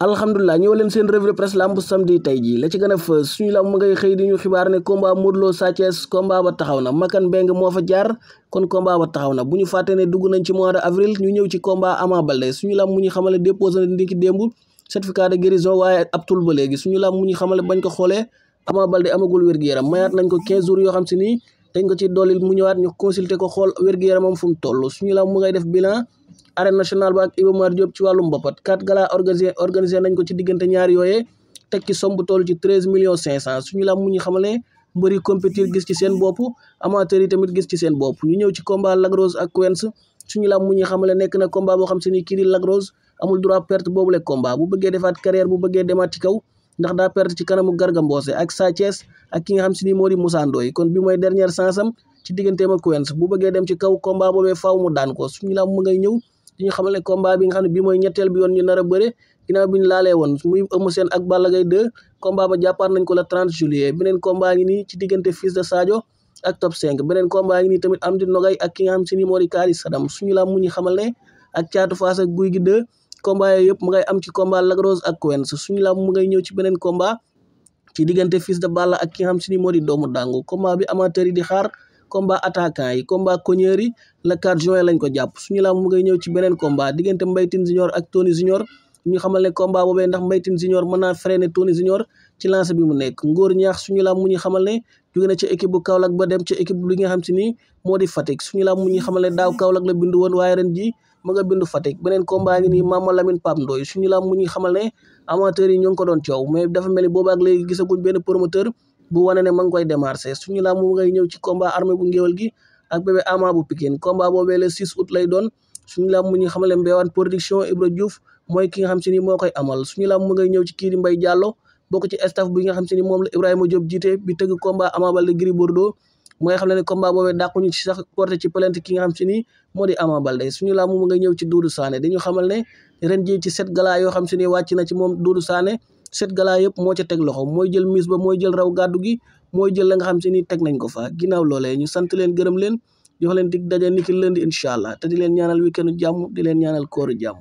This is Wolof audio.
alhamdulilah ñëw leen seen revue de presse lamb samedi tey jii la ci gën a fës suñu lamb mu ngay xëy di ñu xibaar ne combat Modou Lo Sa Thiès combat ba taxaw na Makan Beng moo fa jaar kon combat ba taxaw na bu ñu fàtte ne dugg nañ ci mois de avril ñu ñëw ci combat Ama Baldé suñu lamb mu ñu xamale déposé na ndiki démb certificat de guérison waaye ab tul ba léegi suñu lamb mu ñu xamale bañ ko xoolee Ama Baldé amagul wér-gu-yaram mayaat nañ ko 15 jours yoo xam si nii dañ ko ci dollil mu ñëwaat ñu consulter ko xool wér-gu-yaramam fu mu toll suñu lamb mu ngay def bilan arène nationale ba ak Iba Mar ci wàllum boppat quatre gala organisé organisé nañ ko ci diggante ñaari yooyee teg somb toll ci treize millions cinq cent suñu mu ñu xamale mbëri compétir gis ci seen bopp amateurs tamit gis ci seen bopp ñu ñëw ci combat Lagrose ak Quench suñu mu ñu xamale nekk na combat boo xam se ni kii di amul droit perte boobu le bu bëggee defaat carrière bu bëggee demaat ci kaw ndax daa perte ci kanamu Garga Mbossé di ñu xamal ne combat ne bii mooy ñetteel bi yoon ñu nar a bëre woon muy Eumeu Sène ak Balla Gaye 2 combat ko le 30 juillet beneen combat ngi nii ci diggante fils de Sadio ak top 5 beneen combat ngi nii tamit am di nogay ak ki nga xam si Kaari Sadam suñu la mu ñu xamal ne ak caatu guy gi 2 combat yëpp mu ngay am ci combat Lagrose ak Coen suñu la mu ngay ñëw ci beneen combat ci diggante fils de Balla ak ki nga xam si ni moo di doomu dàngu combat bi amateur yi di xaar combat attaquant yi combat cogneur yi le 4 juin lañ ko jàpp suñu làmb mu ngay ñëw ci beneen combat diggante Mbaye ñu xamal ne combat boobee ndax Mbaye Tine Junior mën naa freiner Tony Junior ci lancé bi mu nekk ngóor ñaax suñu làmb mu ñu xamal ne jóge ci équipe bu Kaolack ba dem ci équipe li nga xam si ni moo di Fatick suñu làmb mu ñu xamal ne daaw Kaolack la bindu woon waaye ren ji ma nga bindu Fatick beneen combat ngi nii ñu xamal ne amateurs yi ñoo ngi ko doon coow mais dafa mel ni boobaak léegi gisaguñ benn promoteur bu wane ne ma ngi koy démarché suñu làmb mu ngay ñëw ci combat armé bu ngéwal gi ak bébé ama bu Pikine combat boobee le 6 août lay doon suñu làmb mu ñu xamale Mbewaan production Ibra Diouf mooy ki nga xam si ni moo koy amal suñu làmb mu ngay ñëw ci kii di Mbaye Diallo bokk ci staff bi nga xam si ni moom la Ibrahima Diop jiite bi tëgg combat Ama Baldé Gris Bordeaux mu ngay xam ne ne combat boobee ñu ci sax porté ci plainte ki nga xam si ni moo di Ama Baldé suñu làmb mu nga ñëw ci Doudou Sané dañu xamal ne ren ji ci set gala yoo xam si ni wàcc na ci moom Doudou Sané set galaa yëpp moo ca teg loxo mooy jël mise ba mooy raw gàddu gi mooy jël la nga xam si ni teg nañ ko fa ginnaaw loolee ñu sant leen gërëm leen jox leen dig daje niki lënd incha allah te di leen ñaanal weekendu jàmm di leen ñaanal koor jàmm